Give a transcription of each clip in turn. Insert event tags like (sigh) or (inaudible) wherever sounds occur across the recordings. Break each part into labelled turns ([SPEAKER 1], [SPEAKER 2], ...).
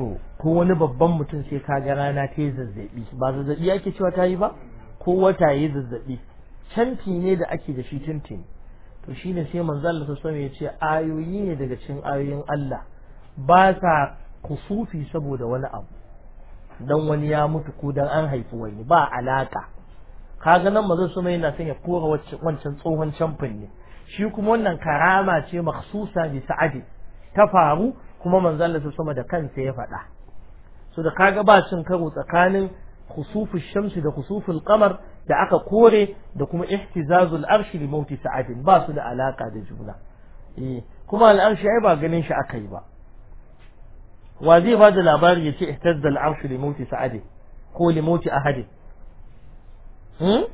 [SPEAKER 1] to ko wani babban mutum sai ka ga rana ta yi zazzabi ba zazzabi ake cewa ta yi ba ko wata yi zazzabi canti ne da ake da shi tintin to shine sai manzo Allah ta ya ce ayoyi ne daga cikin ayoyin Allah ba sa kusufi saboda wani abu dan wani ya mutu ko dan an haifi wani ba alaka kaga nan manzo sama yana son ya kora wancan tsohon camfin ne shi kuma wannan karama ce maksusa bi sa'adi ta faru kuma manzo Allah sama da kansa ya faɗa so da kaga ba cin karo tsakanin khusufu shamsi da khusuful qamar da aka kore da kuma ihtizazul arshi li mauti sa'adin ba su da alaka da juna eh kuma al'arshi ai ba ganin shi akai ba wa zai ba da labari ya ce ihtazza al'arshi li mauti sa'adin ko li mauti ahadin hmm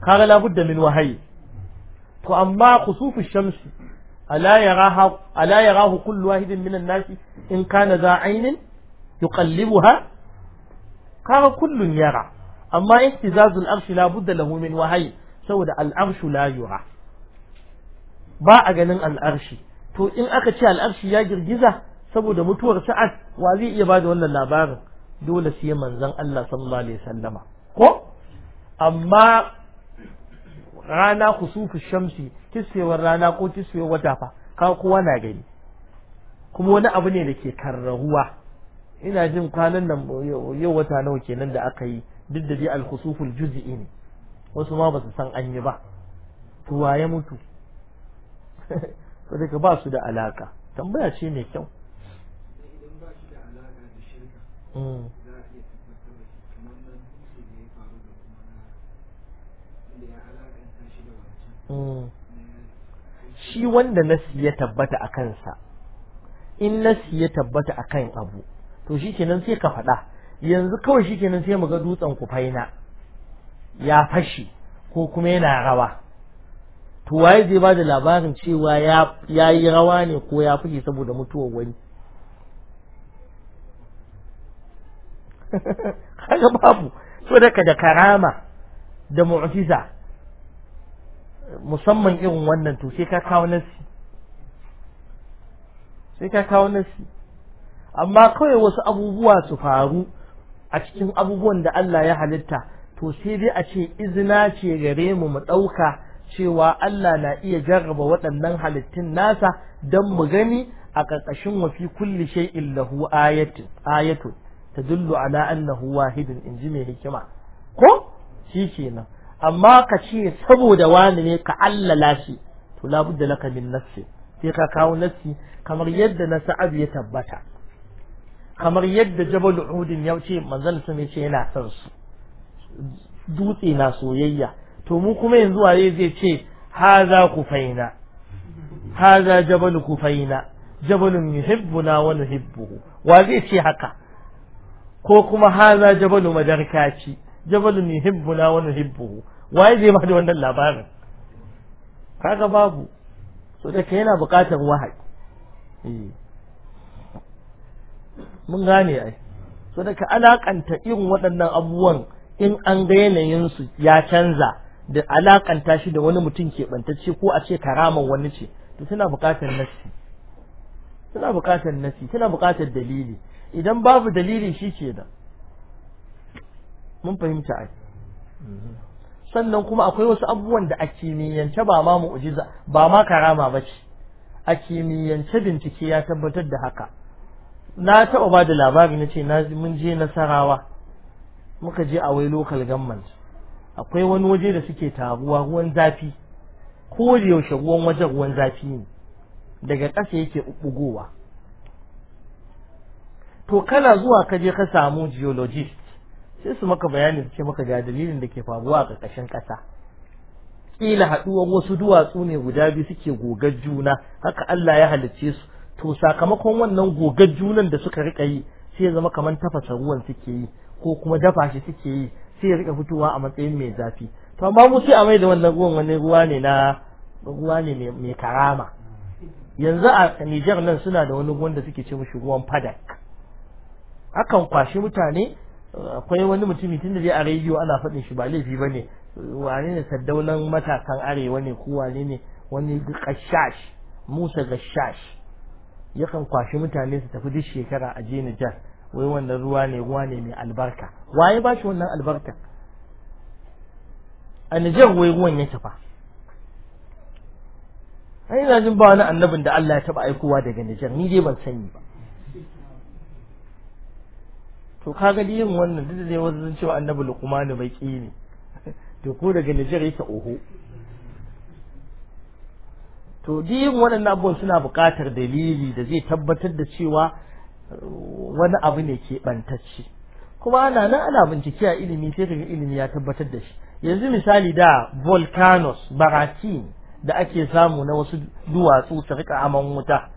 [SPEAKER 1] kaga labudda min wahayi to amma khusufu shamsi ألا يراها ألا يراه كل واحد من الناس إن كان ذا عين يقلبها قال كل يرى أما اهتزاز الأرش لا بد له من وهي سوى الأرش لا يرى a ganin al'arshi to in aka ce al'arshi ya girgiza saboda mutuwar sa'ad wa zai iya bada wannan labarin dole sai manzon Allah sallallahu alaihi wasallama ko amma rana kusufu shamsi kisewar rana ko kisfewar wata fa ka kowa na gani kuma wani abu ne da ke karrahuwa ina jin kwanan nan yau wata nawa kenan da aka yi duk da dai al juz'i ne wasu ma ba su san an yi ba to waye mutu saboda (laughs) ba su da alaka tambaya ce mai kyau shi wanda nasi ya tabbata a kansa in nasi ya tabbata a kan abu to shi kenan sai ka faɗa yanzu kawai shi kenan sai mu ga dutsen kufaina ya fashi ko kuma yana rawa to waye zai ba da labarin cewa ya yi rawa ne ko ya fashi saboda mutuwar wani (laughs) kaga babu so daga da karama da mu'jiza musamman irin wannan to sai ka kawo nasi sai ka kawo nasi amma kawai wasu abubuwa su faru a cikin abubuwan da Allah ya halitta to sai dai a ce izina ce gare mu mu ɗauka cewa Allah na iya jarraba waɗannan halittun nasa don mu gani a ƙarƙashin wafi kulli shay'in illahu ayatun ayatun tadullu ala annahu wahidun inji mai hikima ko shi kenan amma ka ce saboda wani ne ka allala shi to labudda laka min nafsi sai ka kawo nafsi kamar yadda na sa'ab ya tabbata kamar yadda jabal uhudin ya ce manzon sun ce yana son su dutse na soyayya to mu kuma yanzu waye zai ce haza kufaina haza jabal kufaina jabal yuhibbuna wa nuhibbuhu wa zai ce haka ko kuma haza jabalu madarkaci jabalun na wani hibbu waye zai bada wannan labarin kaga babu so da ke yana buƙatar wahayi eh. mun gane ai so da ka alakanta irin waɗannan abubuwan in an ga yanayin su ya canza da alakanta shi da wani mutum keɓantacce ko a ce karaman wani ce to suna buƙatar nasi suna buƙatar nasi suna buƙatar dalili idan babu dalili shi ke da mun fahimta ai sannan kuma akwai wasu abubuwan da a kimiyyance ba ma mu'jiza ba ma karama ba ce a kimiyyance bincike ya tabbatar da haka na taba ba da labari na ce mun je nasarawa muka je a wai local government akwai wani waje da suke taruwa ruwan zafi ko da yaushe ruwan waje ruwan zafi ne daga ƙasa yake bugowa to kana zuwa ka je ka samu geologist sai su maka bayanin ce maka ga dalilin da ke faruwa a ƙarƙashin ƙasa kila haɗuwar wasu duwatsu ne guda biyu suke gogar juna haka Allah ya halicce su to sakamakon wannan gogar junan da suka rika yi sai zama kamar tafasa ruwan suke yi ko kuma dafa shi suke yi sai ya rika fitowa a matsayin mai zafi to amma mu sai a mai da wannan ruwan wani ruwa ne na ruwa ne mai karama yanzu a Niger nan suna da wani ruwan da suke ce mushi ruwan fadak akan kwashi mutane akwai wani mutumi tun da a rediyo ana faɗin shi ba laifi ba ne wane ne saddaunan matakan arewa ne ko wane ne wani gashash musa gashash yakan kwashi mutane su tafi duk shekara a je Nijar wai wannan ruwa ne ruwa ne mai albarka waye ba shi wannan albarka a Nijar wai ruwan ya tafa ai ina jin ba wani annabin da Allah ya taba aikowa daga Nijar ni dai ban sani ba to kaga yin wannan duk da wasu sun cewa annabi luqman ƙi ne to ko daga Nijar yake oho to yin waɗannan abubuwan suna buƙatar dalili da zai tabbatar da cewa uh, wani abu ne ke ɓantacce kuma ana nan ana bincike a ilimi sai kaga ilimi ya tabbatar da shi yanzu misali da volcanoes baratin da ake samu na wasu duwatsu su rika aman wuta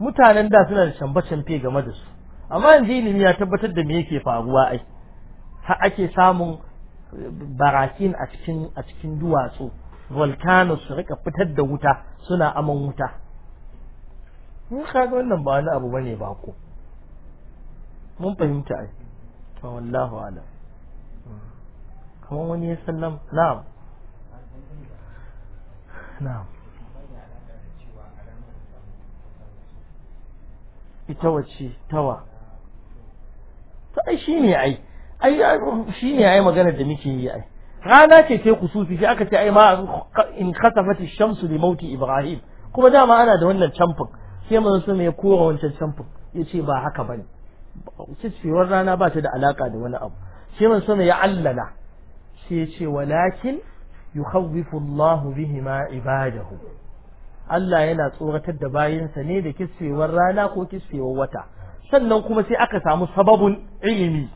[SPEAKER 1] mutanen da suna da canfe-canfe game da su amma yanzu ilimi ya tabbatar da me yake faruwa ai har ake samun eh, barakin a cikin a cikin duwatsu volcano su rika fitar da wuta suna aman wuta mun kaga wannan ba wani abu bane ba ko mun fahimta ai to wallahu alam kamar wani ya sallam na'am na'am ita wace tawa to ai shine ai ai shine ai magana da muke yi ai rana ce sai kusufi sai aka ce ai ma in khasafati shamsu li mauti ibrahim kuma dama ana da wannan camfin sai mun sun ya kora wancan camfin yace ba haka bane cicewar rana ba ta da alaka da wani abu sai mun sun ya allala sai yace walakin yukhawwifu Allahu bihima ibadahu Allah yana tsoratar da bayinsa ne da kisfewar rana ko kisfewar wata sannan kuma sai aka samu sababun ilimi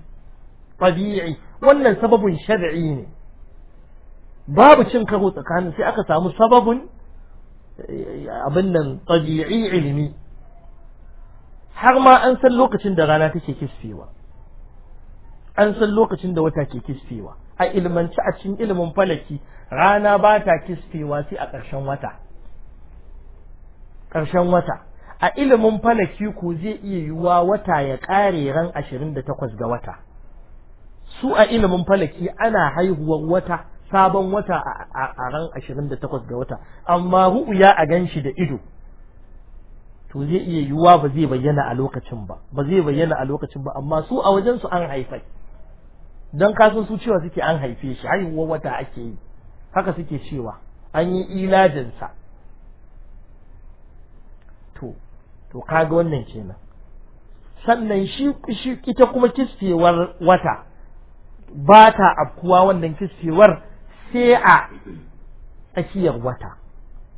[SPEAKER 1] tabi'i wannan sababun shar'i ne babu cin karo tsakanin sai aka samu sababun eh, abin nan tabi'i ilimi har ma an san lokacin da rana take kisfewa an san lokacin da wata ke kisfewa a ilmanci a cikin ilimin falaki rana ba ta kisfewa sai a ƙarshen wata ƙarshen wata a ilimin falaki ko zai iya yiwuwa wata ya ƙare ran 28 ga wata su a ilimin falaki ana haihuwar wata sabon wata a ran 28 ga wata amma ya a ganshi da ido to zai iya yiwuwa ba zai bayyana a lokacin ba ba zai bayyana a lokacin ba amma su a wajen su an haifa don kasan su cewa suke an haife shi haihuwar wata ake yi haka suke cewa an yi ilajinsa to kaga wannan kenan sannan shi shi ita kuma kisfewar wata ba ta afkuwa wannan kisfewar sai a tsakiyar wata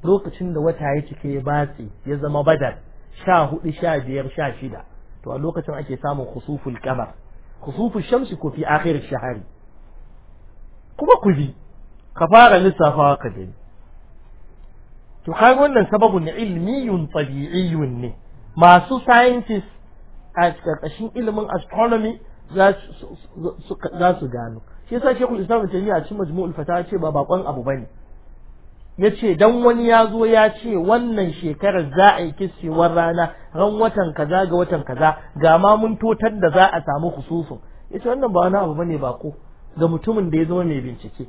[SPEAKER 1] lokacin da wata ya cike ya batse ya zama badar sha hudu sha biyar sha shida to a lokacin ake samun khusuful kamar khusuful shamsi ko fi akhir shahari kuma ku bi ka fara lissafawa ka gani to kaga wannan sababun ilmiyun tabi'iyyun ne masu scientist a karkashin ilimin astronomy za su gano shi yasa shekul islam da a cikin majmu'ul fatawa ce ba bakon abu bane yace dan wani ya zo ya ce wannan shekarar za a yi kissewar rana ran watan kaza ga watan kaza ga ma mun totar da za a samu hususun yace wannan ba wani abu bane ko ga mutumin da ya zama mai bincike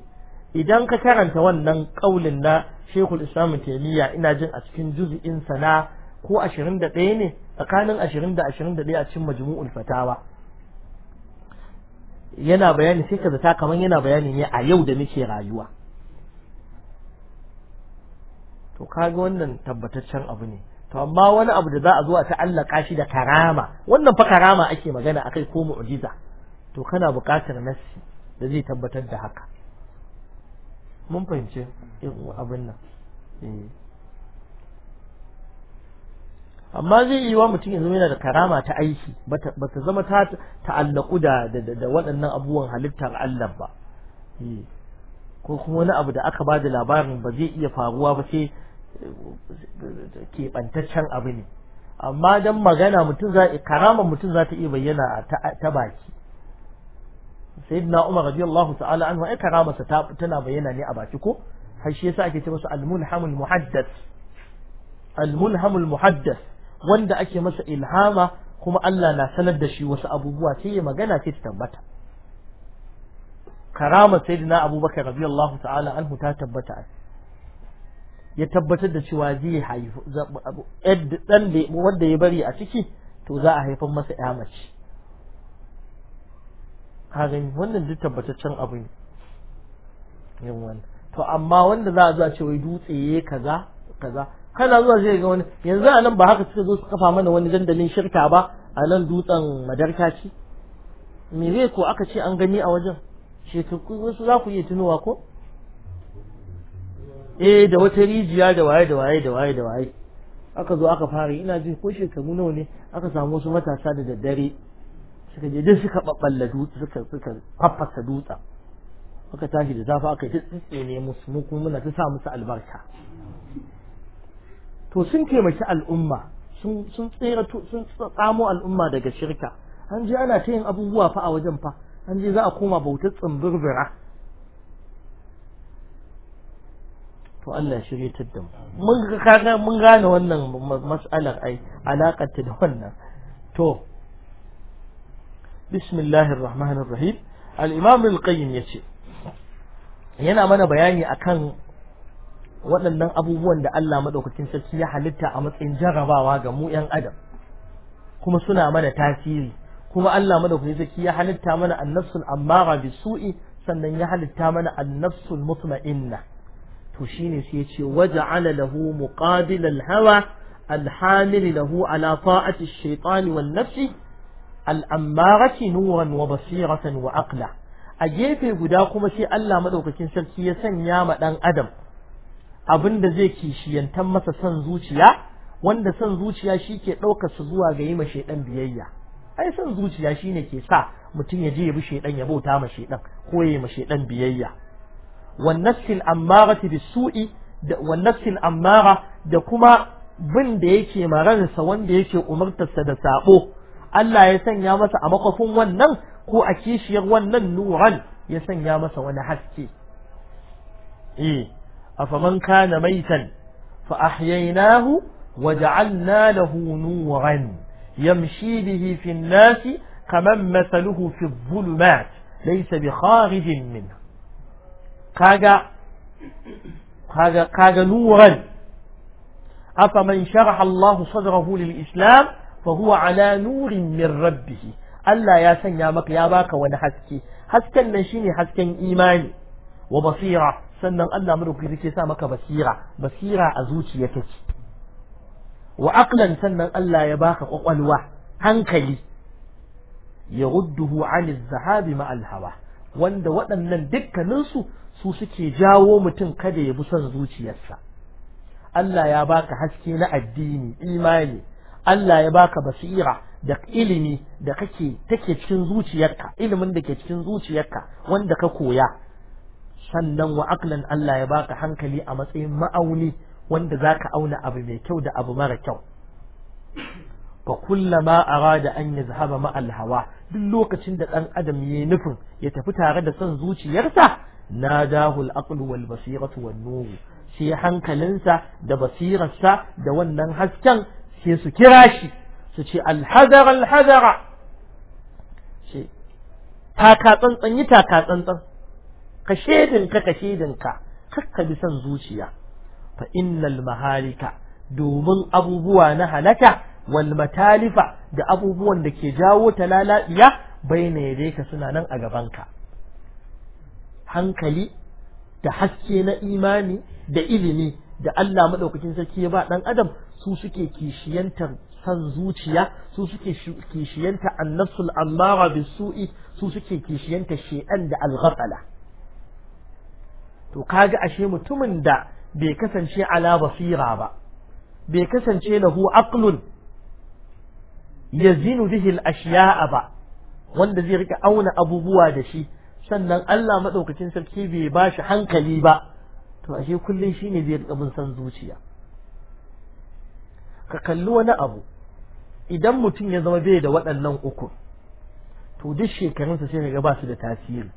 [SPEAKER 1] idan ka karanta wannan kaulin na Sheikhul Islam Taymiya ina jin a cikin juz'in sana ko ashirin ne tsakanin ashirin da ashirin da ɗaya a cikin majmu'ul fatawa yana bayani sai ka zata kaman yana bayani ne a yau da muke rayuwa to kaga wannan tabbataccen abu ne to amma wani abu da za a zo a ta'allaka shi da karama wannan fa karama ake magana akai ko mu'jiza to kana buƙatar nassi da zai tabbatar da haka mun fahimci abin nan eh amma zai yi wa mutum ya zama yana da karama ta aiki ba ta zama ta ta'allaku da da waɗannan abubuwan halittar Allah ba eh, ko kuma wani abu da aka ba da labarin ba zai iya faruwa ba sai keɓantaccen abu ne amma dan magana mutum za karama mutum za ta iya bayyana ta baki sayyidina Umar radiyallahu ta'ala anhu karama sa tana bayyana ne a baki ko har shi yasa ake ce masa al-mulhamul muhaddath al-mulhamul muhaddath wanda ake masa ilhama kuma Allah na sanar da shi wasu abubuwa sai ya magana sai ta tabbata karamar dina abubakar Allah ta'ala anhu ta tabbata ya tabbatar da cewa zai haifu ɗan da wanda ya bari a ciki to za a haifar masa ya mace wannan duk tabbataccen abu ne yin wannan to amma wanda za a zo a ce wai dutse kaza kaza kana zuwa sai ga wani yanzu a nan ba haka suka zo su kafa mana wani dandalin shirka ba a nan dutsen madarka ce me zai ko aka ce an gani a wajen shekaru wasu za ku iya tunowa ko eh da wata rijiya da waye da waye da waye da waye aka zo aka fara ina ji ko shekaru nawa ne aka samu wasu matasa da daddare suka je duk suka babballa dutse suka suka faffasa dutsen aka tashi da zafi aka yi ta tsitse ne musu mu kuma muna ta sa musu albarka to sun taimaki al'umma sun tsira sun tsamo al'umma daga shirka an je ana ta yin abubuwa fa a wajen fa an je za a koma bautar tsimbirbira to Allah shirye ta da mun mun gane wannan mas'alar ai alaƙar ta da wannan to bismillahir rahmanir rahim al-imam al-qayyim yace yana mana bayani akan waɗannan abubuwan da Allah madaukakin sarki ya halitta a matsayin jarabawa ga mu ƴan adam kuma suna mana tasiri kuma Allah madaukakin sarki ya halitta mana annafsul ammara bisu'i sannan ya halitta mana annafsul mutma'inna to shine sai ya ce waja'ala lahu muqabilal hawa الحامل nafsi على nuran wa basiratan wa نورا a gefe guda kuma sai allah ألا sarki ya sanya ma ɗan adam. abin da zai kishiyantar masa son zuciya wanda son zuciya shi ke ɗaukarsa zuwa ga yi ma shaidan biyayya ai son zuciya shine ke sa mutum ya je ya bi shaidan ya bauta ma shaidan ko ya yi ma shaidan biyayya wannafsin ammara bisu'i da wannafsin amara da kuma bin da yake maransa wanda yake umartarsa da sabo Allah ya sanya masa a makofin wannan ko a kishiyar wannan nuran ya sanya masa wani haske eh أفمن كان ميتا فأحييناه وجعلنا له نورا يمشي به في الناس كمن مثله في الظلمات ليس بخارج منها كاغا كاغا كاغا نورا أفمن شرح الله صدره للإسلام فهو على نور من ربه ألا يا sanya maka ya baka wani haske حسكا nan shine sannan Allah madaukaki yake sa maka basira basira a zuciya take wa aqlan sannan Allah ya baka kwakwalwa hankali ya rudduhu an zahabi ma alhawa wanda waɗannan dukkaninsu su suke jawo mutum kada ya bi son zuciyarsa Allah ya baka haske na addini imani Allah ya baka basira da ilimi da kake take cikin zuciyarka ilimin da ke cikin zuciyarka wanda ka koya sannan wa aqlan Allah ya baka hankali a matsayin ma'auni wanda zaka auna abu mai kyau da abu mara kyau fa kullama arada an yazhaba ma al-hawa duk lokacin da dan adam yayi nufin ya tafi tare da son zuciyarsa nadahu al-aqlu wal basiratu wan nur sai hankalinsa da basirarsa da wannan hasken sai su kira shi su ce al-hadara al-hadara taka tsantsan yi taka tsantsan ka shedin ka ka kakka bi son zuciya fa innal mahalika domin abubuwa na halaka wal matalifa da abubuwan da ke jawo talala'iya baina yadai ka suna nan a gabanka hankali da haske na imani da ilimi da Allah madaukakin sarki ya ba dan adam su suke kishiyantar san zuciya su suke kishiyanta annasul ammara bisu'i su suke kishiyanta shay'an da al to kaga ashe mutumin da bai kasance ala basira ba bai kasance lahu aqlun yazinu bihi al-ashya'a ba wanda zai rika auna abubuwa da shi sannan Allah madaukakin sarki bai bashi hankali ba to ashe kullun shine zai rika bin san zuciya ka kalli wani abu idan mutum ya zama bai da waɗannan uku to duk shekarunsa sai ga ba su da tasiri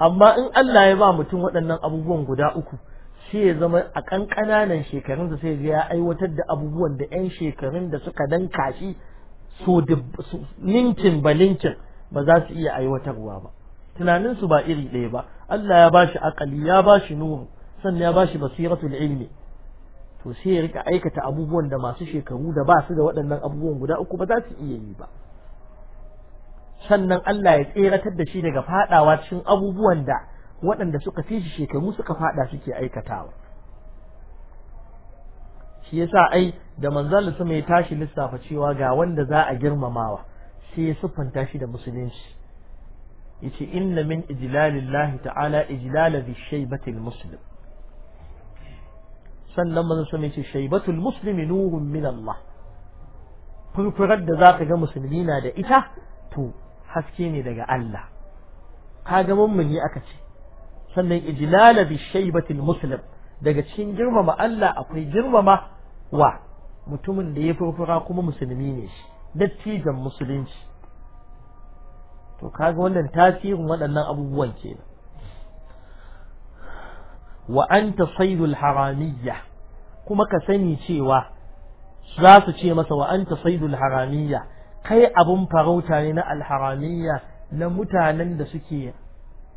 [SPEAKER 1] amma in Allah ya ba mutum waɗannan abubuwan guda uku sai ya zama a ƙanƙananan shekarun da sai ya aiwatar da abubuwan da 'yan shekarun da suka dan kashi so ninkin ba ninkin ba za su iya aiwatarwa ba tunaninsu ba iri ɗaya ba Allah ya bashi shi akali ya bashi shi nuru sannan ya bashi shi basiratul ilmi to sai ya rika aikata abubuwan da masu shekaru da ba su da waɗannan abubuwan guda uku ba za su iya yi ba sannan Allah ya tseratar da shi daga fadawa cikin abubuwan da waɗanda suka fi shi shekaru suka fada suke aikatawa shi yasa ai da manzon su ya tashi lissafa cewa ga wanda za a girmamawa sai ya siffanta shi da musulunci yace inna min ijlalillahi ta'ala ijlala bi shaybatil muslim sannan manzon sama yace shaybatul muslimi nurun min Allah furfurar da za ka ga musulmi na da ita to haske ne daga Allah kaga mummuni aka ce sannan ijlala bi shaybatil muslim daga cikin girmama Allah akwai girmama wa mutumin da ya furfura kuma musulmi ne shi dattijan musulunci to kaga wannan tasirin waɗannan abubuwan kenan wa anta saydul haramiyya kuma ka sani cewa za su ce masa wa anta saydul haramiyya kai abun farauta ne na alharamiyya na mutanen da suke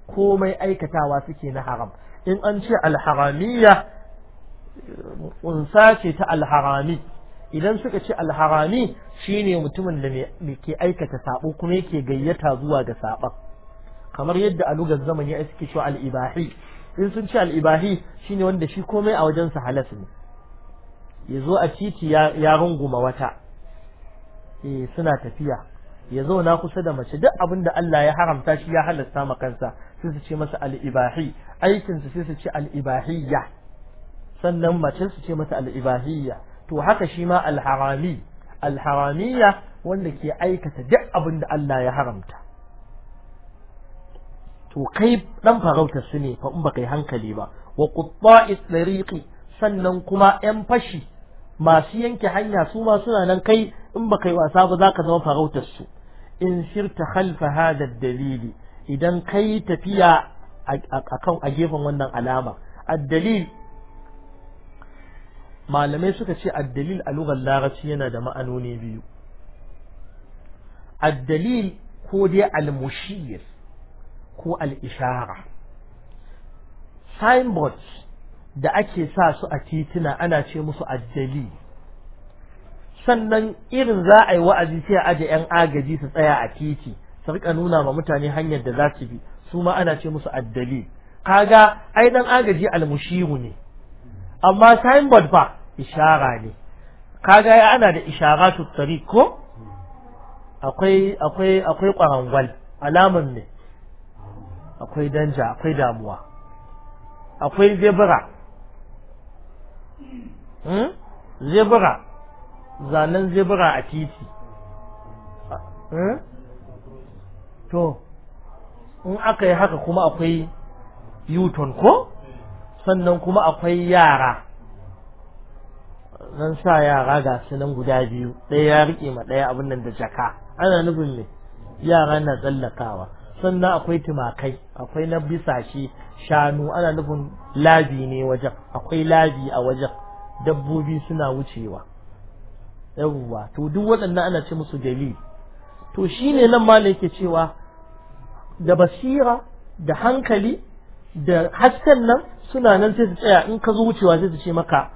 [SPEAKER 1] komai aikatawa suke na haram in an ce alharamiyya unsa ce ta alharami idan suka ce alharami shine mutumin da ke aikata sabo kuma yake gayyata zuwa ga saban kamar yadda a lugar zamani ai suke cewa al in sun ce al-ibahi shine wanda shi komai a wajen sa halas ne yazo a titi ya runguma wata eh suna tafiya ya zauna kusa da mace duk abinda da Allah ya haramta shi ya halasta ma kansa sai su ce masa al-ibahi aikin su sai su ce al-ibahiyya sannan mace su ce mata al-ibahiyya to haka shi ma al-harami al-haramiyya wanda ke aikata duk abinda da Allah ya haramta to kai dan farautar su ne fa in baka yi hankali ba wa qutta'i sannan kuma yan fashi masu yanke hanya su ma suna nan kai in baka yi wasa ba zaka zama farautarsu in shirta khalfa hada dalili idan kai tafiya kan a gefen wannan alama addalil malamai suka ce addalil a lugar larabci yana da ma'anoni biyu addalil ko dai almushir ko al-ishara signboards da ake sa su a titina ana ce musu addalil sannan irin za a yi wa'azi sai a aje yan agaji su tsaya a titi su rika nuna ma mutane hanyar da za su bi su ma ana ce musu addali kaga ai dan agaji almushiru ne amma signboard fa ishara ne kaga ya ana da to tari ko akwai akwai akwai kwarangwal alaman ne akwai danja akwai damuwa akwai zebra hmm zebra zanen zebra a titi eh? to in aka yi haka kuma akwai yuton ko sannan kuma akwai yara zan sa yara ga nan guda biyu ɗaya ya riƙe ma ɗaya abin nan da jaka ana nufin ne yara na tsallakawa sannan akwai tumakai akwai na bisashe shanu ana nufin labi ne wajen akwai labi a wajen dabbobi suna wucewa yawwa to duk waɗannan ana ce musu dalil to shine nan ma yake cewa da basira da hankali da hasken nan suna nan sai su tsaya in ka zo wucewa sai su ce maka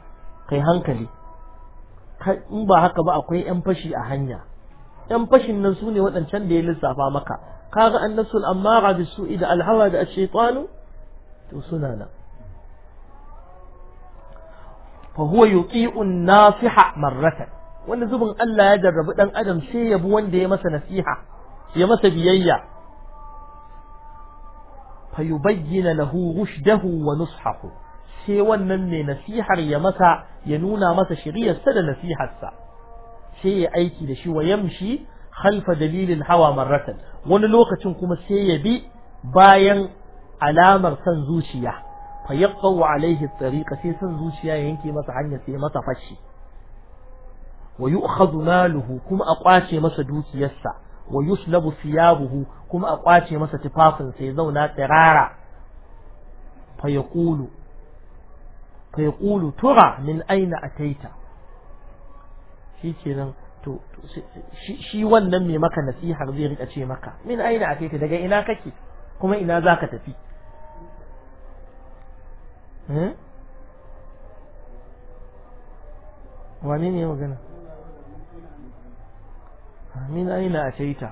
[SPEAKER 1] kai hankali in ba haka ba akwai yan fashi a hanya yan fashin nan su ne waɗancan da ya lissafa maka kaga annasul ammara bisu'i da alhawa da ash to suna nan فهو يطيع nasiha marratan wanda zubin Allah ya jarrabi dan adam sai ya wanda ya masa nasiha ya masa biyayya fa yubayyana lahu rushdahu wa nushahu sai wannan ne nasihar ya masa ya nuna masa sa da nasihar sa sai ya aiki da shi wa yamshi khalfa dalilin hawa marratan wani lokacin kuma sai ya bi bayan alamar san zuciya fa yaqaw alaihi tariqa sai san zuciya ya yanke masa hanya sai masa fashi wa yu'khadhu maluhu kuma a kwace masa dukiyarsa wa yuslabu thiyabuhu kuma a kwace masa tufafin sai zauna tsirara fa yaqulu fa yaqulu tura min aina ataita shikenan to shi wannan mai maka nasihar zai rika ce maka min aina ataita daga ina kake kuma ina zaka tafi hmm? wane ne magana min aina ataita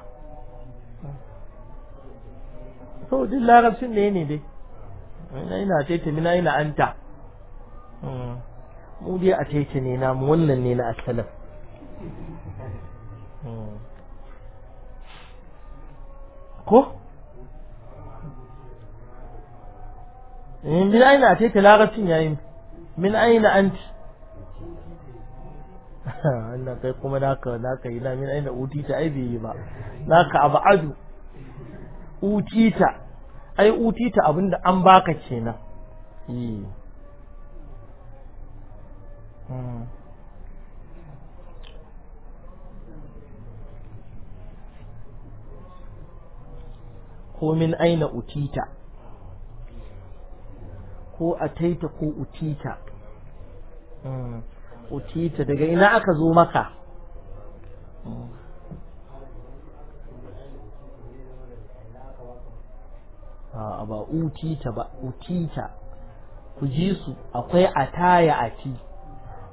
[SPEAKER 1] to din larabcin ne ne dai min aina ataita min aina anta hmm. mu dai ataita ne na mu wannan ne na asalin hmm. ko eh, min aina ataita larabcin yayin min aina anti wannan kai kuma naka naka ina min aina utita ai bai yi ba naka uti utita ai utita abinda an baka kenan eh. hmm. ko min aina utita ko a taita ko utita hmm. utita daga ina aka zo maka a ba utita ba utita ku ji su akwai ataya ati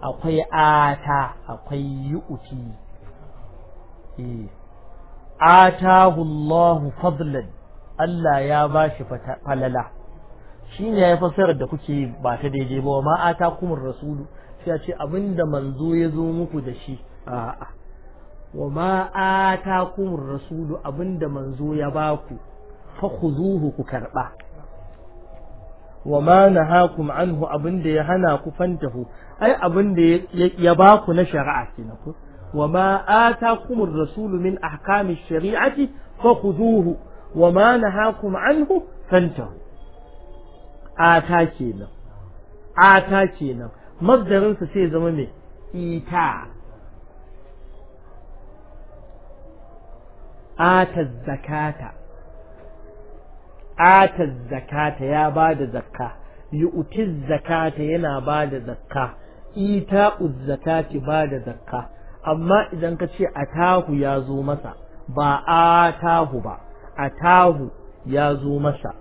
[SPEAKER 1] akwai ata akwai yu'ti eh ata Allahu fadlan Allah ya bashi falala shi ne ya fasara da kuke ba ta daidai ba ma kuma rasulu sai a ce abinda manzo ya zo muku da shi a'a wa ma atakumur rasulu abinda manzo ya baku fa khuzuhu ku karba wa ma nahakum anhu abinda ya hana ku fantahu ai abinda ya baku na shari'a kenan ku wa ma atakumur rasulu min ahkami shari'ati fa khuzuhu wa ma nahakum anhu fantahu ata kenan ata kenan masdarinsa sai zama mai ita ata zakata ata zakata ya ba da zakka yu'ti zakata yana ba da zakka ita zakati ba da zakka amma idan ka ce atahu ya zo masa ba atahu ba atahu ya zo masa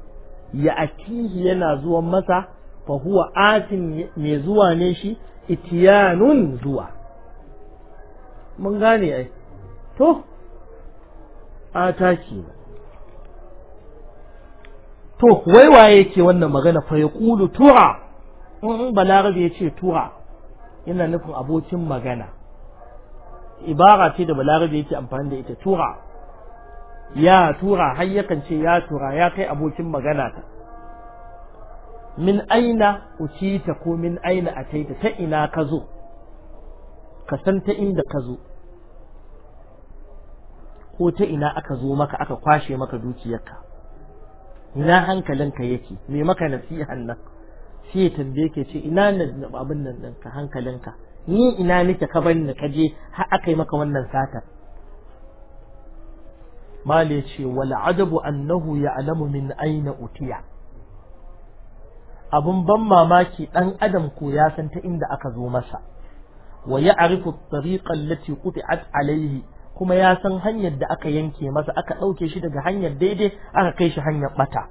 [SPEAKER 1] ya akihi yana zuwan masa fa huwa atin mai zuwa ne shi itiyanun zuwa mun gane ai to ata ke to wai waye yake wannan magana fa yaqulu tura in ya ce tura yana nufin abokin magana ibara ce da balarabi yake amfani da ita tura ya tura har yakan ce ya tura ya kai abokin magana ta min aina utita ko min aina ataita ta ina ka zo ka san ta inda ka zo ko ta ina aka zo maka aka kwashe maka dukiyarka ina hankalinka yake me maka nasihan nan sai ya tambaye ke ce ina nan abin nan ka hankalinka ni ina nake ka bani da kaje har aka yi maka wannan satar mali ya ce wal adabu annahu ya'lamu min aina utiya abun ban mamaki dan adam ko ya san ta inda aka zo masa wa ya'rifu at-tariqa allati quti'at alayhi kuma ya san hanyar da aka yanke masa aka ɗauke shi daga hanyar daidai aka kai shi hanyar bata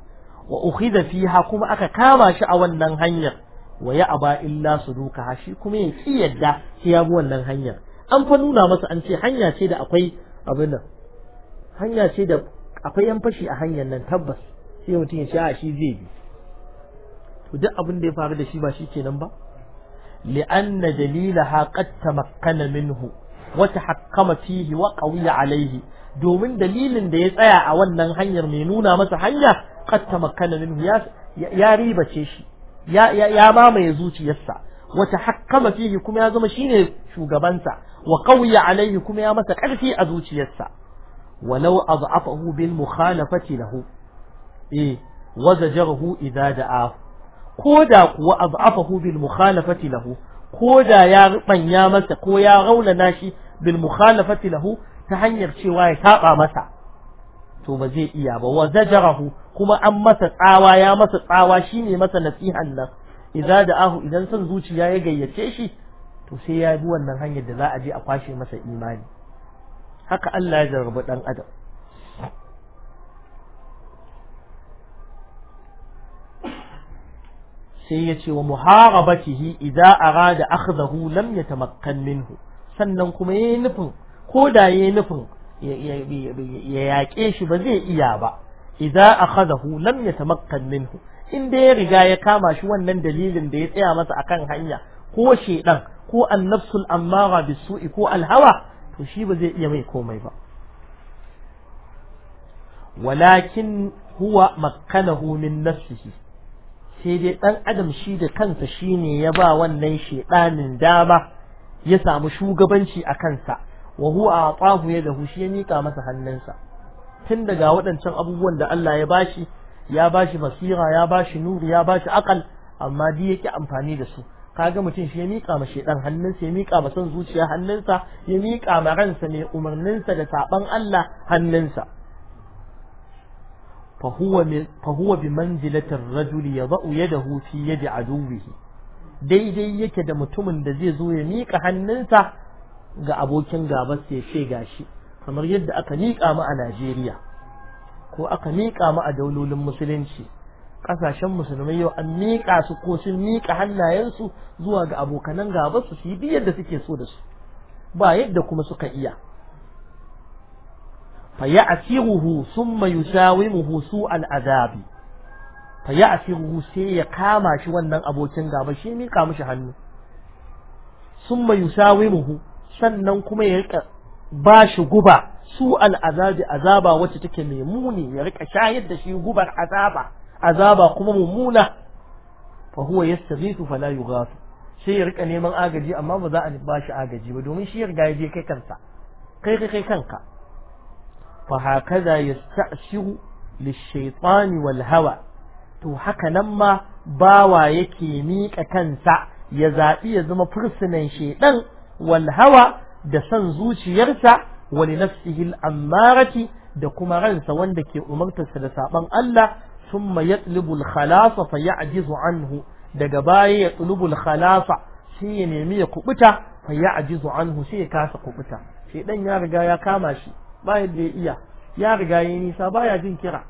[SPEAKER 1] wa ukhidha fiha kuma aka kama shi a wannan hanyar wa ya aba illa suduka shi kuma ya ki yadda shi ya bi wannan hanyar an fa nuna masa an ce hanya ce da akwai abin nan hanya ce da akwai yan fashi a hanyar nan tabbas sai mutum ya sha shi zai bi to duk abin da ya faru da shi ba shi kenan ba لأن دليلها قد تمكن منه وتحكم فيه وقوي عليه domin dalilin da ya tsaya a wannan hanyar mai nuna masa hanya qad tamakkana minhu ya ya ribace shi ya ya mamaye zuciyarsa wa tahakkama fihi kuma ya zama shine shugabansa wa qawiya alaihi kuma ya masa karfi a zuciyarsa walau adhafahu bil mukhalafati lahu eh wa zajarahu idza ko da kuwa az'afahu bil mukhalafati lahu ko da ya banya masa ko ya raunana shi bil mukhalafati lahu ta hanyar cewa ya saba masa to ba zai iya ba wa zajarahu kuma an masa tsawa ya masa tsawa shine masa nasihan nan idza da'ahu idan son zuciya ya gayyace shi to sai ya bi wannan hanyar da za a je a kwashe masa imani haka Allah ya jarrabu dan adam sai ya ce wa muharabatihi idza arada akhdahu lam yatamakkan minhu sannan kuma yayi nufin ko da yayi nufin ya yaƙe shi ba zai iya ba idza akhadahu lam yatamakkan minhu in da ya riga ya kama shi wannan dalilin da ya tsaya masa akan hanya ko shedan ko annafsul ammara bisu'i ko alhawa to shi ba zai iya mai komai ba walakin huwa makkanahu min nafsihi sai dai ɗan adam shi da kansa shine ya ba wannan shedanin dama ya samu shugabanci a kansa wa huwa atahu dahu shi ya mika masa hannunsa tun daga waɗancan abubuwan da Allah ya bashi ya bashi basira ya bashi nuri ya bashi akal amma dai yake amfani da su kaga mutum shi ya mika ma shedan hannunsa ya mika ma son zuciya hannunsa ya mika ma ransa ne umarninsa da saban Allah hannunsa فهو, من فهو بمنزلة الرجل يضع يده في يد عدوه daidai yake da mutumin da zai zo ya miƙa hannunsa ga abokin gabas ya ce gashi kamar yadda aka miƙa mu a Najeriya ko aka miƙa mu a daulolin musulunci ƙasashen musulmai yau an miƙa su ko sun miƙa hannayensu zuwa ga abokanan gabas su yi biyar da suke so dasu ba yadda kuma suka iya فيأسره ثم يساومه سوء العذاب فيأسره سي kama شي wannan abokin gaba shi mi ka mushi hannu ثم يساومه sannan kuma ya rika bashi guba su al'azabi azaba wacce take mai muni ya rika shayar da shi gubar azaba azaba kuma mummuna fa huwa yastaghiithu fala gafi sai ya rika neman agaji amma ba za a bashi agaji ba domin shi ya riga ya je kai kansa kai kai kanka فهكذا يستأثر للشيطان والهوى to haka nan ma bawa yake miƙa kansa ya zaɓi ya zama fursunan shaidan wal hawa da san zuciyarsa wani amma rati da kuma ransa wanda ke umartarsa da saɓon Allah sun ma ya tsulubul khalasa fa ya ajizu anhu daga baya ya tsulubul khalasa shi ya nemi ya kubuta fa ya ajizu anhu sai ya kasa kubuta shaidan ya riga ya kama shi ba yadda ya iya ya riga ya nisa ba ya jin kira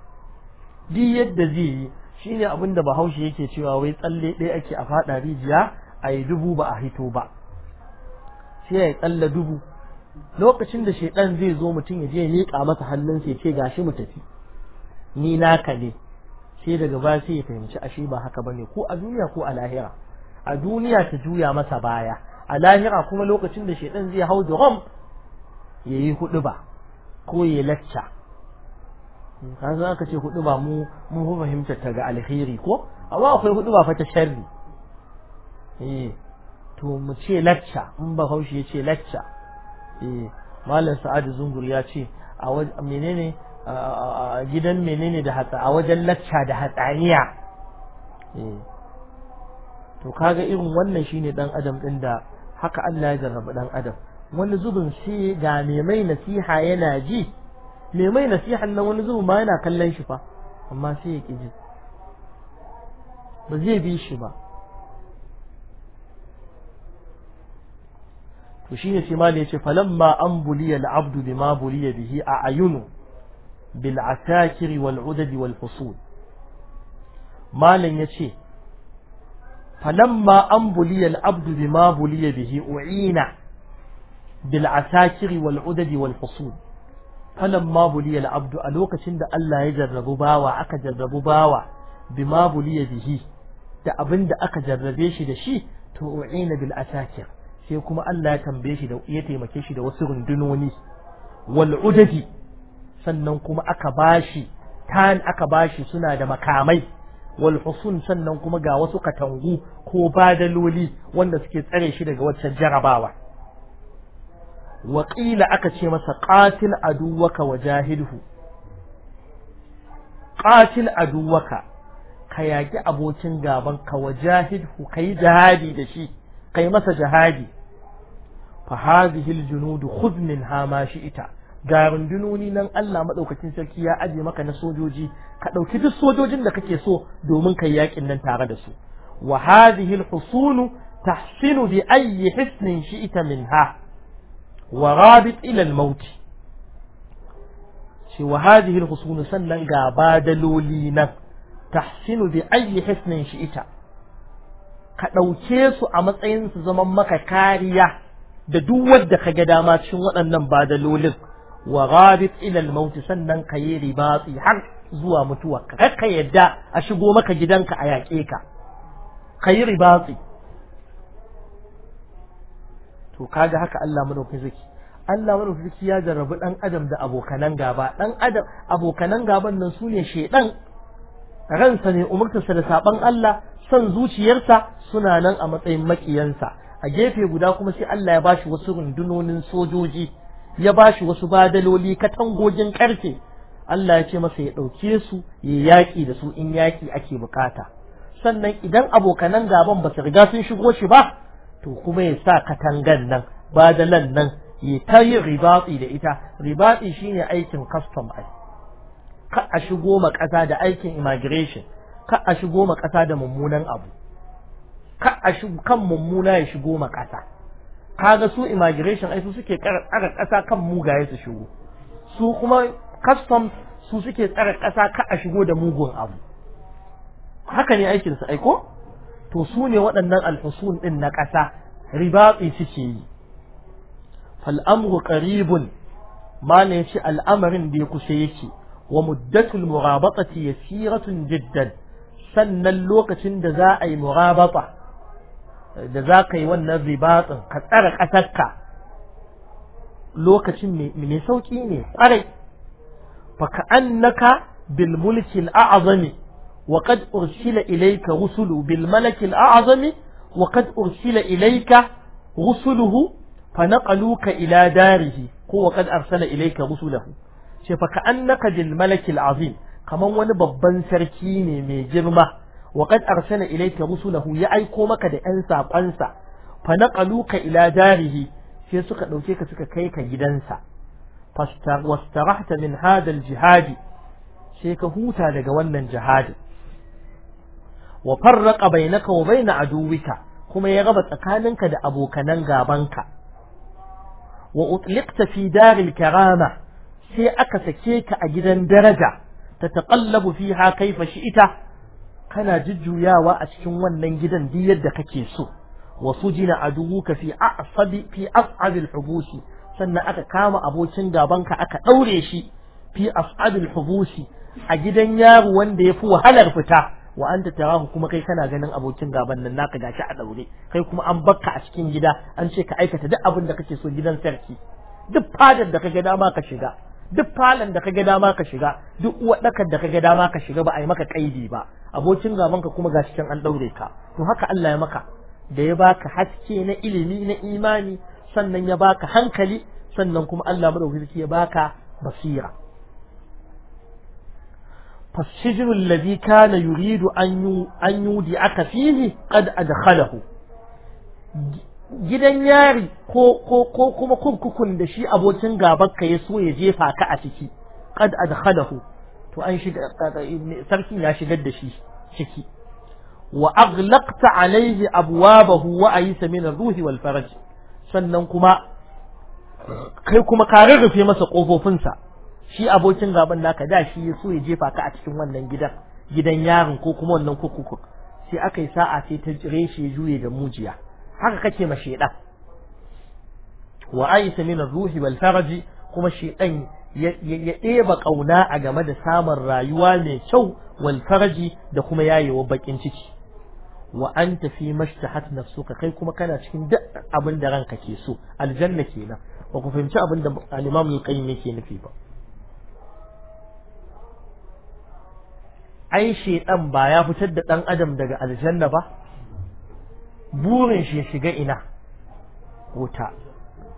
[SPEAKER 1] di yadda zai yi shine abinda da bahaushe yake cewa wai tsalle ɗaya ake a faɗa rijiya a yi dubu ba a hito ba sai ya tsalla dubu lokacin da shaidan zai zo mutum ya je ya miƙa masa hannun ya ce gashi mu tafi ni naka ne sai daga ba sai ya fahimci ashe ba haka bane ko a duniya ko a lahira a duniya ta juya masa baya a lahira kuma lokacin da shaidan zai hau da rom ya yi hudu ba ko ya lacca ka za ka ce hudu ba mu mun fi fahimta ta ga alheri ko amma akwai hudu ba fata sharri eh to mu ce lacca in ba haushi ya ce lacca eh malam Sa'ad zungur ya ce a menene gidan menene da hatsa a wajen lacca da hatsaniya eh, to kaga irin wannan shine dan adam din da haka Allah ya jarraba dan adam wani zubin shi ga mai mai nasiha yana ji mai mai nasihan nan wani zubin ma yana kallon shi fa amma sai ya kiji ba zai bi shi ba to shi ne shima da ya ce falamma an buliya al'abdu bima buliya bihi a ayunu bil asakiri wal udadi wal fusul malam ya ce falamma an buliya al'abdu bima buliya bihi u'ina بالعساكر والعدد والحصول فلما بلي العبد ألوك شند ألا يجرب باوى أكا جرب باوى بما بلي به تأبند أكا جربيش دشي توعين بالعساكر سيكما ألا تنبيش دو يتيمكيش دو سر دنوني والعدد سننكما أكا باشي كان أكا باشي سنة دمكامي والحصول سننكما قاوسك تنغو كوبادلولي وانا سكي تأريش دو واتشجر باوى waƙila aka ce masa ƙatil aduwaka wa jahilhu ƙatil aduwaka ka yaƙi abokin gaban ka wa jahilhu ka yi jihadi da shi ka yi masa jihadi fa hadhihi aljunudu khudh minha ma ita. ga rundunoni nan Allah madaukakin sarki ya aje maka na sojoji ka dauki duk sojojin da kake so domin kai yakin nan tare da su wa hadhihi alhusunu tahsinu bi ayyi hisnin shi'ta minha wa rabit ila al shi wa sannan ga badaloli nan tahsinu bi ayyi hisnin shi ita ka ɗauke su a matsayin su zaman maka kariya da duk wanda ka ga dama cikin waɗannan badalolin wa rabit ila al sannan ka yi har zuwa mutuwa ka yadda a shigo maka gidanka a yaƙe ka ka yi to kaga haka Allah madaukakin sarki Allah madaukakin sarki ya jarrabu dan adam da abokanan gaba dan adam abokanan gaban nan su ne shedan ransa ne umurtarsa da saban Allah son zuciyarsa suna nan a matsayin makiyansa a gefe guda kuma sai Allah ya bashi wasu rundunonin sojoji ya bashi wasu badaloli katangogin karfe Allah ya ce masa ya ɗauke su ya yaki da su in yaki ake bukata sannan idan abokanan gaban ba su riga sun shigo shi ba to kuma ya sa katangan nan ba da nan nan ya ta yi ribaɗi da ita shi shine aikin custom ai ka a shigo ma ƙasa da aikin immigration ka a shigo ma ƙasa da mummunan abu ka a shigo kan mummuna ya shigo ma ƙasa kaga su immigration ai su suke tsara ƙasa kan mugaye su shigo su kuma custom su suke tsare ƙasa ka a shigo da mugun abu haka ne aikinsu aiko to su ne waɗannan alfasun ɗin na ƙasa ribaɓi suke yi fal'amru ƙaribun mana ya ce al'amarin da ya kusa yake wa muddatul ya siratun jiddan sannan lokacin da za a yi murabata da za ka yi wannan ribatsin ka tsara ƙasarka lokacin mai sauƙi ne ƙwarai fa ka annaka bil mulki al'azami وقد أرسل إليك رسل بالملك الأعظم وقد أرسل إليك رسله فنقلوك إلى داره هو قد أرسل إليك رسله فكأنك بالملك العظيم كما وانا ببان سركيني من جرمة وقد أرسل إليك رسله يعيكمك لأنسى قنسى فنقلوك إلى داره sai suka ɗauke ka suka kai ka gidansa wastarahta min hadal jihadi sai ka huta daga wannan jihadin wa farraqa bainaka wa baina aduwika kuma ya raba tsakaninka da abokanan gabanka wa utliqta fi daril karama sai aka sake ka a gidan daraja ta taqallabu fiha kaifa shi'ita kana jujjuyawa a cikin wannan gidan duk yadda kake so wa sujina aduwuka fi a'sabi fi as'abil hubusi sannan aka kama abokin gabanka aka daure shi fi as'abil hubusi a gidan yaro wanda yafi wahalar fita wa anta tarahu kuma kai kana ganin abokin gaban nan naka gashi a daure kai kuma an bakka a cikin gida an ce ka aikata duk abin da kake so gidan sarki duk fadar da kage dama ka shiga duk falon da kage dama ka shiga duk uwaɗakar da kage dama ka shiga ba a yi maka kaidi ba abokin gaban ka kuma gashi kan an daure ka to haka Allah ya maka da ya baka haske na ilimi na imani sannan ya baka hankali sannan kuma Allah madaukaki ya baka basira فالسجن الذي كان يريد أن يودي فيه قد أدخله جدا ياري كوكوما كوكوكونا دشي أبو تنغا بكا يسوى يجيفا كأسكي قد أدخله سرسي ناشي قدشي شكي وأغلقت عليه أبوابه وأيس من الروح والفرج سننكما كيكوما كاررفي مسا قوفو فنسا shi abokin gaban naka da shi ya so ya jefa ka a cikin wannan gidan gidan yarin ko kuma wannan kurkuku sai aka yi sa'a sai ta shi ya juye da mujiya haka kake ma shedan wa aisa min ruhi wal faraji kuma shedan ya ɗeba kauna a game da samun rayuwa mai kyau wal faraji da kuma yayewa bakin ciki wa anta fi mashtahat nafsuka kai kuma kana cikin duk abin da ranka ke so aljanna kenan ba ku fahimci abin da al-imam al-qayyim yake nufi ba ai shedan ba ya fitar da dan adam daga aljanna ba burin shi ya shiga ina wuta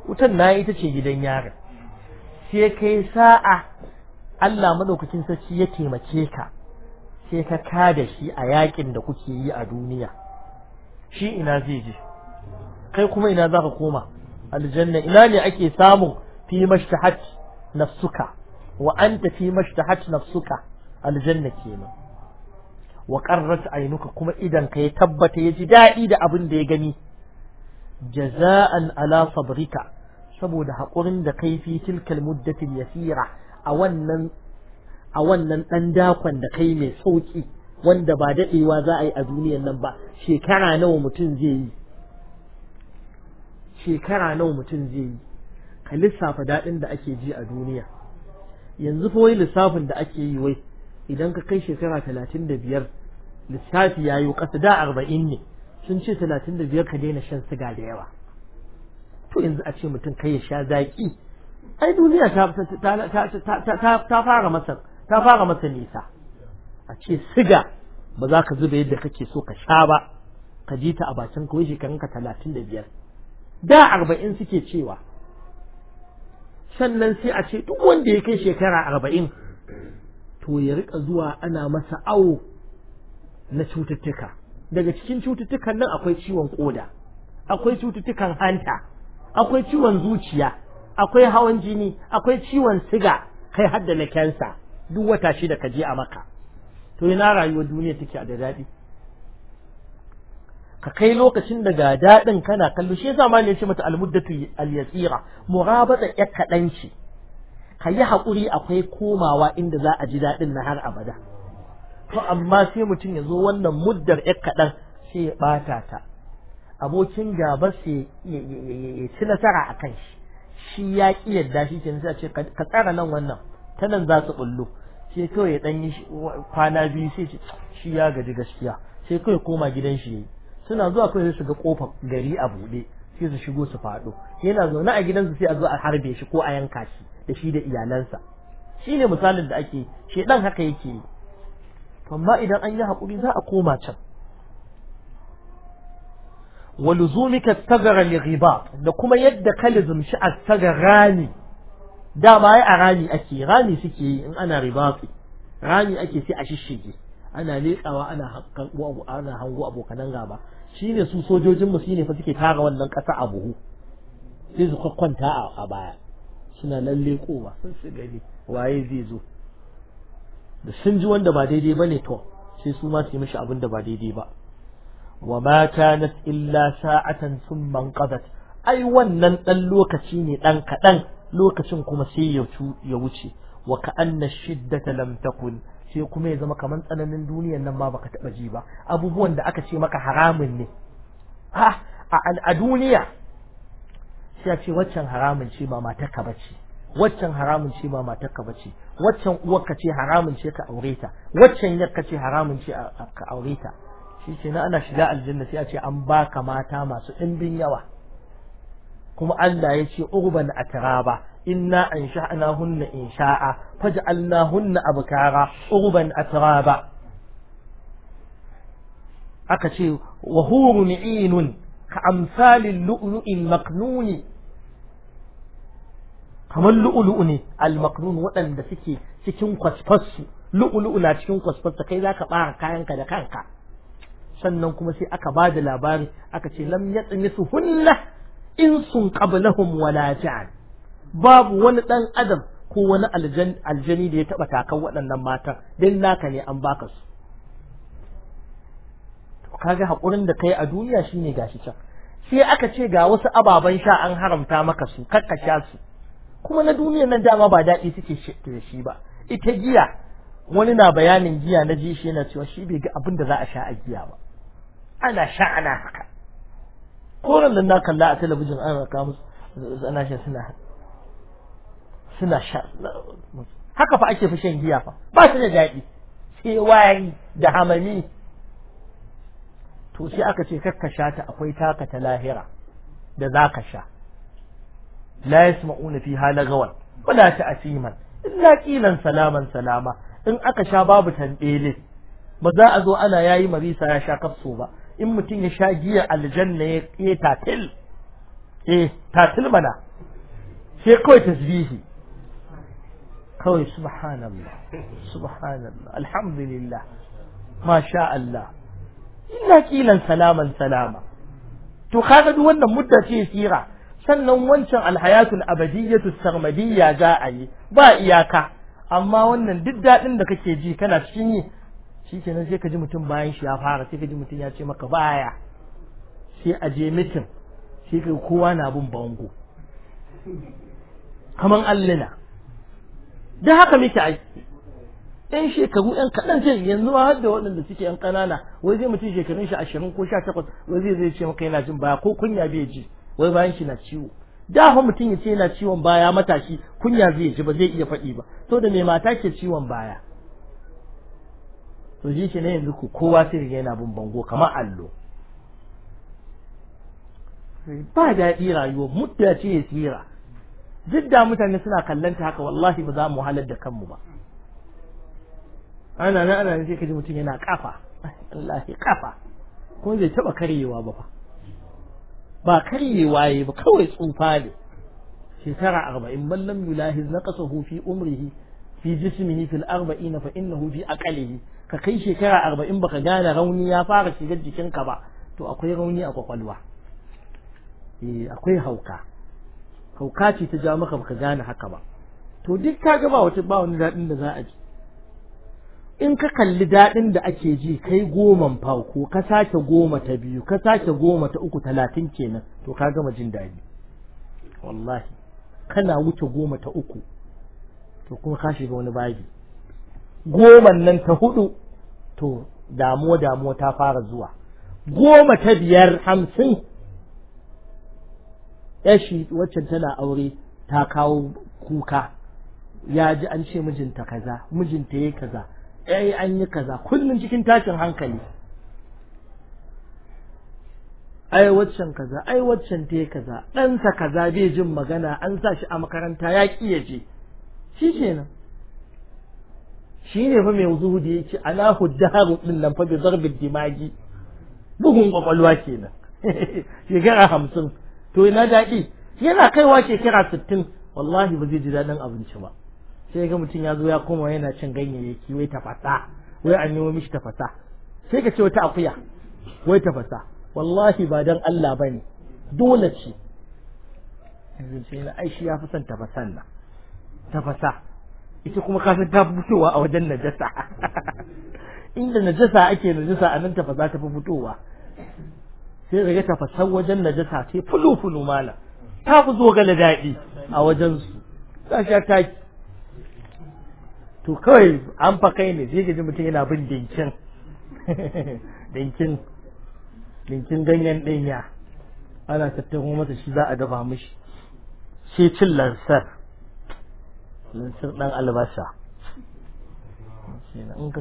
[SPEAKER 1] wutan na ita ce gidan yarin sai kai sa'a Allah madaukakin sarki ya taimake ka sai ka kada shi a yakin da kuke yi a duniya shi ina zai je kai kuma ina za ka koma aljanna ina ne ake samun fi mashtahat nafsuka wa anta fi mashtahat nafsuka aljanna kenan wa qarrat aynuka kuma idan ka ya tabbata ya ji daɗi da abin da ya gani jaza'an ala sabrika saboda haƙurin da kai fi tilkal muddatin yasira a wannan a wannan ɗan dakon da kai mai sauƙi wanda ba daɗewa za a yi a duniyar nan ba shekara nawa mutum zai yi shekara nawa mutum zai yi ka lissafa daɗin da ake ji a duniya yanzu fa wai lissafin da ake yi wai idan ka kai shekara talatin da biyar lissafi ya yi ƙasa da arba'in ne sun ce talatin da biyar ka daina shan siga da yawa to yanzu a ce mutum kai ya sha zaƙi ai duniya ta fara masa ta fara masa nisa a ce siga ba za ka zuba yadda kake so ka sha ba ka ji ta a bakin kawai shekarun ka talatin da biyar da arba'in suke cewa sannan sai a ce duk wanda ya kai shekara arba'in to ya rika zuwa ana masa awo na cututtuka daga cikin cututtukan nan akwai ciwon koda akwai cututtukan hanta akwai ciwon zuciya akwai hawan jini akwai ciwon siga kai har da na kansa duk wata shida ka je a maka to ina rayuwar duniya take a da daɗi ka kai lokacin da ga daɗin kana kallo shi yasa ma ne ce mata al-yasira murabata yakadanci kaɗanci ka yi haƙuri akwai komawa inda za a ji daɗin na har abada to amma sai mutum ya zo wannan muddar ya kaɗan sai ya ɓata ta abokin gaba sai ya ci nasara a kan shi shi ya ƙi yadda shi ke nasa ce ka tsara nan wannan ta nan za su ɓullo sai kawai ya ɗan yi kwana biyu sai ce shi ya gaji gaskiya sai kawai koma gidan shi yayi suna zuwa kawai sai su ga ƙofar gari a buɗe sai su shigo su faɗo yana zaune a gidan su sai a zo a harbe shi ko a yanka shi da shi da iyalansa shi ne misalin da ake shedan haka yake yi amma idan an yi haƙuri za a koma can wa luzumika tagara li riba da kuma yadda ka a astagar rani dama ai a rami ake rani suke yi in ana ribatsi rani ake sai a shishige ana leƙawa ana hango abokanan gaba shine su sojojin mu shine fa suke tara wannan kasa a buhu sai su kwanta a baya suna lalle kowa sun su gani waye zai zo da sun ji wanda ba daidai bane to sai su ma su yi mishi abin da ba daidai ba wa ma kanat illa sa'atan thumma qada't ai wannan dan lokaci ne dan kaɗan lokacin kuma sai ya wuce wa ka'anna shiddata lam takun sai kuma ya zama kamar tsananin duniyan nan ma baka taba ji ba abubuwan da aka ce maka haramun ne ha a duniya sai a ce waccan haramun ce ba matarka bace waccan haramun ce ba matarka bace waccan ka ce haramun ce ka aure ta waccan ka ce haramun ce ka aure ta shi ce na ana shiga aljanna sai a ce an baka mata masu ɗimbin yawa kuma Allah ya ce urban atraba inna ansha'nahunna insha'a hunna abkara urban atraba aka ce wa hurun inun ka amsalin lu'lu'in maknuni
[SPEAKER 2] kamar lu'lu'u
[SPEAKER 1] ne al waɗanda suke cikin kwasfarsu lu'lu'u na cikin kwasfassu kai zaka ɓara kayanka da kanka sannan kuma sai aka ba da labari aka ce lam yatsmisu hunna insun qablahum wala jan babu wani ɗan adam ko wani aljani da ya taɓa takan waɗannan matan don naka ne an baka su to kaga hakurin da kai a duniya shine gashi can sai aka ce ga wasu ababen sha an haramta maka su kakka sha su kuma na duniya nan dama ba daɗi suke da shi ba ita giya wani na bayanin giya na ji shi yana cewa shi bai ga abin da za a sha a giya ba ana sha ana haka koran nan na kalla a talabijin an raka musu ana sha suna haka suna sha haka fa ake fi shan giya fa ba su da daɗi sai wayi da hamami to sai aka ce ka sha ta akwai taka ta lahira da za ka sha la yasma'una fiha lagawan wala ta'siman illa qilan salaman salama in aka sha babu tambele ba za a zo ana yayi marisa ya sha kafso ba in mutum ya sha giya aljanna ya tatil eh tatil mana sai kawai tasbihi kawai subhanallah subhanallah alhamdulillah masha Allah illa kilan salaman salama to kaga duk wannan mudda ce sira sannan wancan alhayatul abadiyyatu sarmadiyya za a yi ba iyaka amma wannan duk dadin da kake ji kana cikin yi shikenan sai ka ji mutum bayan shi ya fara sai ka ji mutum ya ce maka baya sai a je mitin sai kowa na bin bango kaman allina da haka muke ai yan shekaru yan kaɗan ce yanzu ma da waɗanda suke yan ƙanana wai zai mutum shekarun shi ashirin ko sha takwas wai zai zai ce maka yana jin baya ko kunya bai ji wai bayan shi na ciwo da haka mutum ya ce yana ciwon baya matashi kunya zai ji ba zai iya faɗi ba to da mai mata ke ciwon baya to shi ne yanzu ku kowa sai yana bin bango kamar allo ba daɗi rayuwa ya ce ya tsira duk mutane suna kallanta haka wallahi ba za mu halar da kanmu ba ana nan ana sai kaji mutum yana kafa wallahi kafa kuma zai taba karyewa ba fa ba karyewa yayi ba kawai tsufa ne shekara arba'in man lam yulahiz naqasahu fi umrihi fi jismihi fil arba'ina fa innahu fi aqalihi ka kai shekara arba'in baka gane rauni ya fara shigar jikinka ba to akwai rauni a kwakwalwa e akwai hauka hauka ce ta ja maka baka gane haka ba to duk ga ba wata ba wani daɗin da za a ji in ka kalli daɗin da ake ji kai goman farko ka sake goma ta biyu ka sake goma ta uku talatin kenan to ka gama jin daɗi wallahi kana wuce goma ta uku to kuma ka shiga wani bagi goma nan ta hudu to damuwa damuwa ta fara zuwa goma ta biyar hamsin yashi waccan tana aure ta kawo kuka ya ji an ce mijinta kaza mijinta yayi kaza yayi an yi kaza kullun cikin tashin hankali ai waccan kaza ai waccan yi kaza ɗansa kaza bai jin magana an sa shi a makaranta ya ki ya je shi kenan shi ne fa mai zuhudi yake ana huddaru din nan fa bi zarbin dimagi bugun kwakwalwa kenan (laughs) shekara hamsin to ina daɗi yana kaiwa shekara sittin wallahi ba zai ji daɗin abinci ba sai ga mutum ya zo ya koma yana cin ganyayyaki wai tafasa wai an yi mishi tafasa sai ka ce wata akuya wai tafasa wallahi ba dan Allah ba ne dole ce ai shi ya fi son tafasan na tafasa ita kuma kasan ta fi fitowa a wajen najasa (laughs) inda najasa ake najasa a nan tafasa ta fi fitowa sai ga ya tafasar wajen najasa sai fulu fulu mala ta fi zo ga daɗi a wajen su Ta sha taki to kawai an fa kai ne sai gaji mutum yana bin dinkin (laughs) dinkin dinkin ganyen ɗanya ana tattaro masa shi za a dafa mishi sai cin lansar lansar ɗan albasa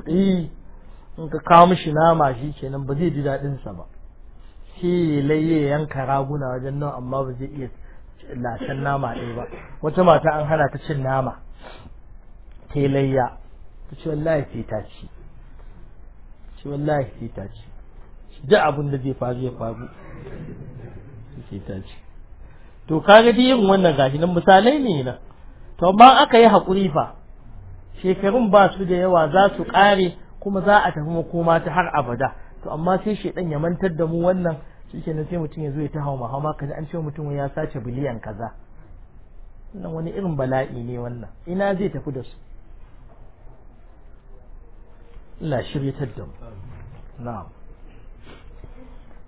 [SPEAKER 1] eh, in ka kawo mishi nama shi kenan ba zai ji daɗinsa ba shi laye yanka raguna wajen nan amma ba zai iya lashen nama ɗaya ba wata mata an hana ta cin nama ta layya ta ce wallahi sai ta ci ce wallahi sai ta ci da abin da zai faru ya faru sai ta ci to kaga ga yin wannan gashi nan misalai ne na to amma aka yi haƙuri fa shekarun ba su da yawa za su ƙare kuma za a tafi makoma ta har abada to amma sai shedan ya mantar da mu wannan nan sai mutum ya zo ya ta hawa mahama kaza an ce mutum ya sace biliyan kaza wannan wani irin bala'i ne wannan ina zai tafi da su Allah shiryatar da mu na'am